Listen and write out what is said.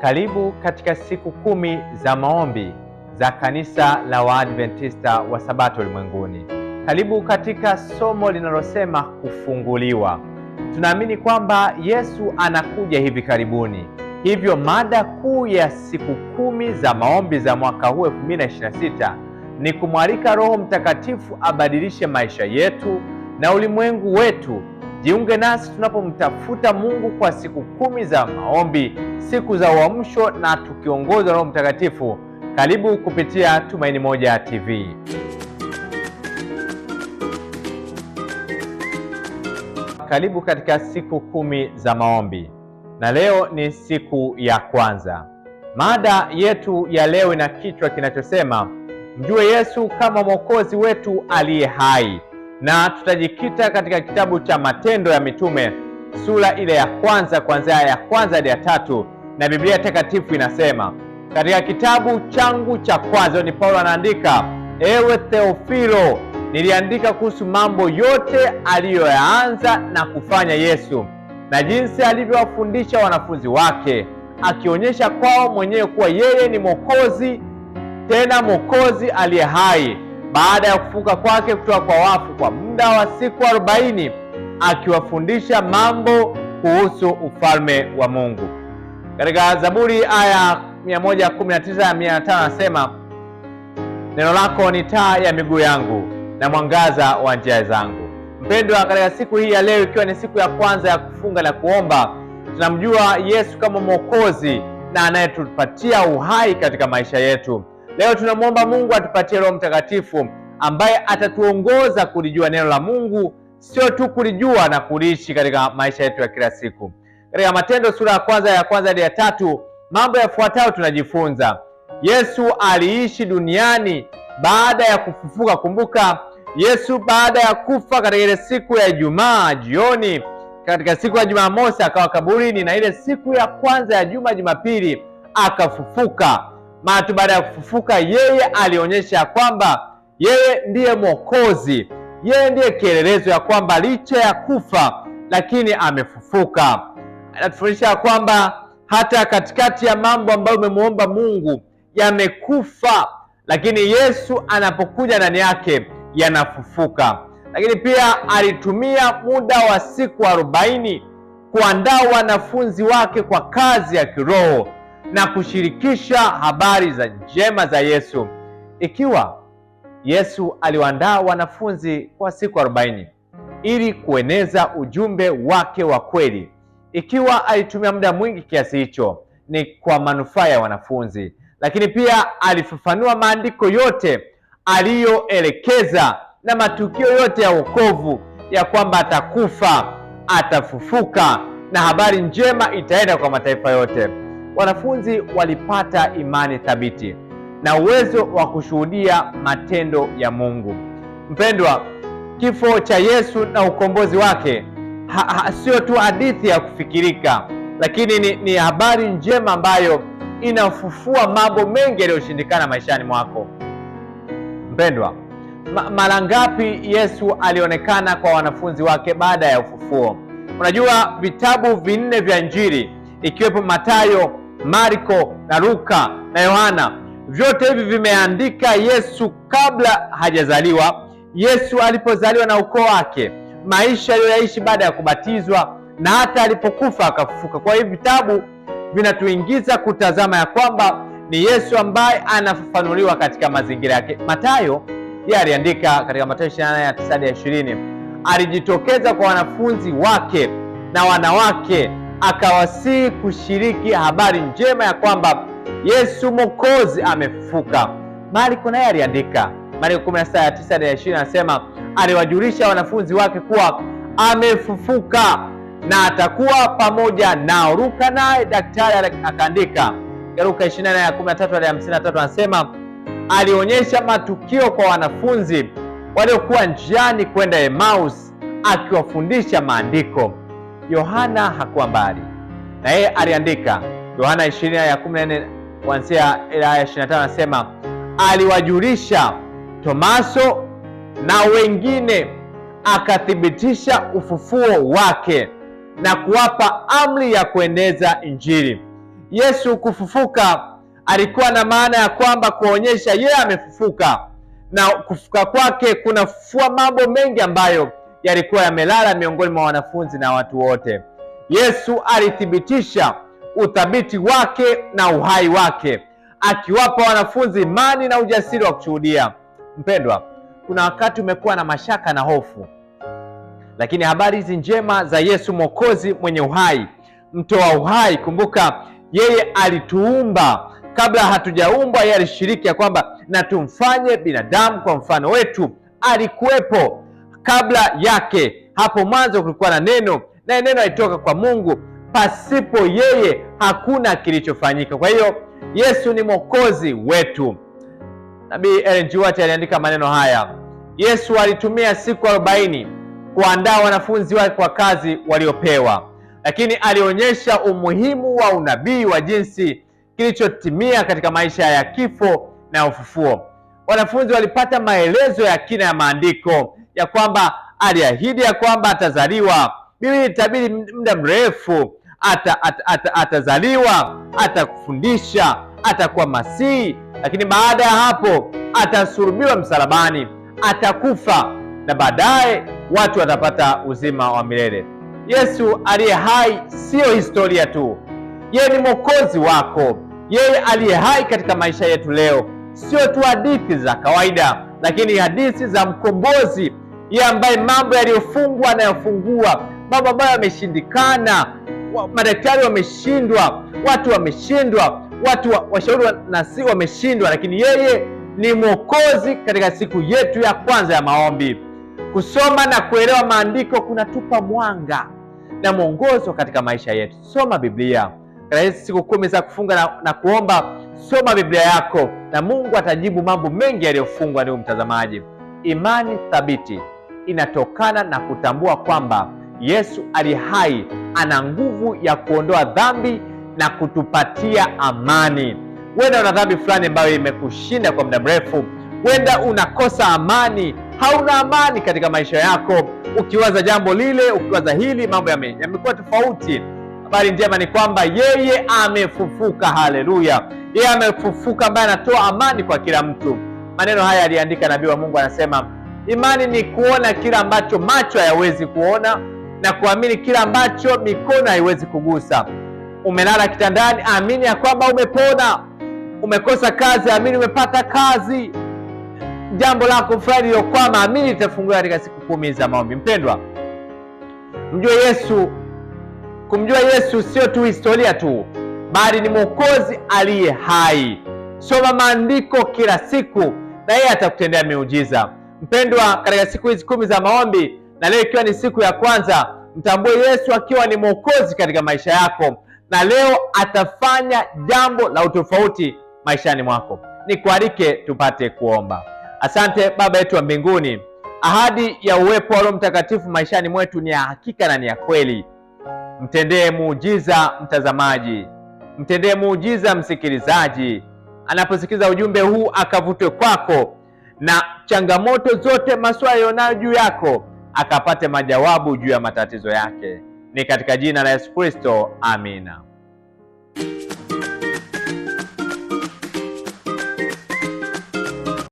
Karibu katika siku kumi za maombi za Kanisa la Waadventista wa Sabato ulimwenguni. Karibu katika somo linalosema kufunguliwa. Tunaamini kwamba Yesu anakuja hivi karibuni, hivyo mada kuu ya siku kumi za maombi za mwaka huu 2026 ni kumwalika Roho Mtakatifu abadilishe maisha yetu na ulimwengu wetu Jiunge nasi tunapomtafuta Mungu kwa siku kumi za maombi, siku za uamsho na tukiongozwa na Roho Mtakatifu. Karibu kupitia Tumaini Moja TV. Karibu katika siku kumi za maombi, na leo ni siku ya kwanza. Mada yetu ya leo ina kichwa kinachosema mjue Yesu kama mwokozi wetu aliye hai na tutajikita katika kitabu cha Matendo ya Mitume sura ile ya kwanza kuanzia ya kwanza hadi ya tatu, na Biblia Takatifu inasema katika kitabu changu cha kwanza, ni Paulo anaandika: ewe Theofilo, niliandika kuhusu mambo yote aliyoyaanza na kufanya Yesu na jinsi alivyowafundisha wanafunzi wake akionyesha kwao mwenyewe kuwa yeye ni Mwokozi, tena Mwokozi aliye hai baada ya kufuka kwake kutoka kwa wafu kwa muda wa siku arobaini akiwafundisha mambo kuhusu ufalme wa Mungu. Katika Zaburi aya 119 ya 105 anasema, neno lako ni taa ya miguu yangu na mwangaza wa njia zangu. Mpendwa, katika siku hii ya leo, ikiwa ni siku ya kwanza ya kufunga na kuomba, tunamjua Yesu kama Mwokozi na anayetupatia uhai katika maisha yetu. Leo tunamwomba Mungu atupatie Roho Mtakatifu ambaye atatuongoza kulijua neno la Mungu, sio tu kulijua na kuliishi katika maisha yetu ya kila siku. Katika Matendo sura ya kwanza ya kwanza hadi ya tatu mambo yafuatayo tunajifunza. Yesu aliishi duniani baada ya kufufuka. Kumbuka, Yesu baada ya kufa katika ile siku ya Ijumaa jioni, katika siku ya Jumamosi akawa kaburini, na ile siku ya kwanza ya juma Jumapili akafufuka. Maana baada ya kufufuka yeye alionyesha kwamba yeye ndiye Mwokozi, yeye ndiye kielelezo ya kwamba licha ya kufa lakini amefufuka. Anatufundisha kwamba hata katikati ya mambo ambayo umemwomba Mungu yamekufa, lakini Yesu anapokuja ndani yake yanafufuka. Lakini pia alitumia muda wa siku arobaini kuandaa wanafunzi wake kwa kazi ya kiroho na kushirikisha habari za njema za Yesu. Ikiwa Yesu aliwaandaa wanafunzi kwa siku 40 ili kueneza ujumbe wake wa kweli, ikiwa alitumia muda mwingi kiasi hicho, ni kwa manufaa ya wanafunzi, lakini pia alifafanua maandiko yote aliyoelekeza na matukio yote ya wokovu, ya kwamba atakufa, atafufuka na habari njema itaenda kwa mataifa yote wanafunzi walipata imani thabiti na uwezo wa kushuhudia matendo ya Mungu. Mpendwa, kifo cha Yesu na ukombozi wake sio tu hadithi ya kufikirika, lakini ni, ni habari njema ambayo inafufua mambo mengi yaliyoshindikana maishani mwako. Mpendwa, ma, mara ngapi Yesu alionekana kwa wanafunzi wake baada ya ufufuo? Unajua vitabu vinne vya Injili ikiwepo Mathayo Marko na Luka na Yohana. Vyote hivi vimeandika Yesu kabla hajazaliwa, Yesu alipozaliwa na ukoo wake, maisha aliyoyaishi baada ya kubatizwa na hata alipokufa akafufuka. Kwa hiyo vitabu vinatuingiza kutazama ya kwamba ni Yesu ambaye anafafanuliwa katika mazingira yake. Mathayo yeye aliandika katika Mathayo 28:9-20, alijitokeza kwa wanafunzi wake na wanawake akawasihi kushiriki habari njema ya kwamba Yesu Mwokozi amefufuka. Marko naye aliandika, Marko 16:9-20 anasema, aliwajulisha wanafunzi wake kuwa amefufuka na atakuwa pamoja nao. Luka naye daktari akaandika Luka 24:13-53 anasema alionyesha matukio kwa wanafunzi waliokuwa njiani kwenda Emmaus, akiwafundisha maandiko. Yohana hakuwa mbali na yeye, aliandika Yohana 20 ya 14 kuanzia aya 25, anasema aliwajulisha Tomaso na wengine, akathibitisha ufufuo wake na kuwapa amri ya kueneza Injili. Yesu kufufuka alikuwa na maana ya kwamba kuonyesha yeye amefufuka, na kufufuka kwake kunafufua mambo mengi ambayo yalikuwa yamelala miongoni mwa wanafunzi na watu wote. Yesu alithibitisha uthabiti wake na uhai wake, akiwapa wanafunzi imani na ujasiri wa kushuhudia. Mpendwa, kuna wakati umekuwa na mashaka na hofu, lakini habari hizi njema za Yesu Mwokozi mwenye uhai, mtoa uhai. Kumbuka yeye alituumba kabla hatujaumbwa, yeye alishiriki ya kwamba na tumfanye binadamu kwa mfano wetu. Alikuwepo kabla yake. Hapo mwanzo kulikuwa na neno, naye neno alitoka kwa Mungu, pasipo yeye hakuna kilichofanyika. Kwa hiyo Yesu ni mwokozi wetu. Nabii Ellen G. White aliandika maneno haya: Yesu alitumia siku arobaini kuandaa wanafunzi wake kwa kazi waliopewa, lakini alionyesha umuhimu wa unabii wa jinsi kilichotimia katika maisha ya kifo na ufufuo. Wanafunzi walipata maelezo ya kina ya maandiko ya kwamba aliahidi ya kwamba atazaliwa. Biblia ilitabiri muda mrefu ata, ata, ata, atazaliwa, atakufundisha, atakuwa Masihi, lakini baada ya hapo atasulubiwa msalabani, atakufa na baadaye watu watapata uzima wa milele. Yesu aliye hai siyo historia tu, yeye ni mwokozi wako. Yeye aliye hai katika maisha yetu leo sio tu hadithi za kawaida, lakini hadithi za mkombozi yeye ambaye mambo yaliyofungwa anayofungua, mambo ambayo yameshindikana, madaktari wameshindwa, watu wameshindwa, watu wa, washauri wameshindwa, lakini yeye ni mwokozi katika siku yetu ya kwanza ya maombi. Kusoma na kuelewa maandiko kunatupa mwanga na mwongozo katika maisha yetu. Soma Biblia katika hizi siku kumi za kufunga na, na kuomba. Soma Biblia yako na Mungu atajibu mambo mengi yaliyofungwa. Ndugu mtazamaji, imani thabiti inatokana na kutambua kwamba Yesu ali hai, ana nguvu ya kuondoa dhambi na kutupatia amani. Huenda una dhambi fulani ambayo imekushinda kwa muda mrefu, huenda unakosa amani, hauna amani katika maisha yako, ukiwaza jambo lile, ukiwaza hili, mambo yamekuwa tofauti. Habari njema ni kwamba yeye amefufuka. Haleluya! Yeye amefufuka, ambaye anatoa amani kwa kila mtu. Maneno haya aliandika nabii wa Mungu, anasema Imani ni kuona kila ambacho macho hayawezi kuona na kuamini kila ambacho mikono haiwezi kugusa. Umelala kitandani, amini ya kwamba umepona. Umekosa kazi, amini umepata kazi. Jambo lako fulani lilokwama, amini litafunguliwa katika siku kumi za maombi. Mpendwa, mjue Yesu. Kumjua Yesu sio tu historia tu, bali ni mwokozi aliye hai. Soma maandiko kila siku, na yeye atakutendea miujiza. Mpendwa, katika siku hizi kumi za maombi na leo ikiwa ni siku ya kwanza, mtambue Yesu akiwa ni mwokozi katika maisha yako, na leo atafanya jambo la utofauti maishani mwako. Nikualike tupate kuomba. Asante Baba yetu wa mbinguni, ahadi ya uwepo wa Roho Mtakatifu maishani mwetu ni ya hakika na ni ya kweli. Mtendee muujiza mtazamaji, mtendee muujiza msikilizaji, anaposikiliza ujumbe huu akavutwe kwako na changamoto zote, maswali yanayo juu yako, akapate majawabu juu ya matatizo yake, ni katika jina la Yesu Kristo, amina.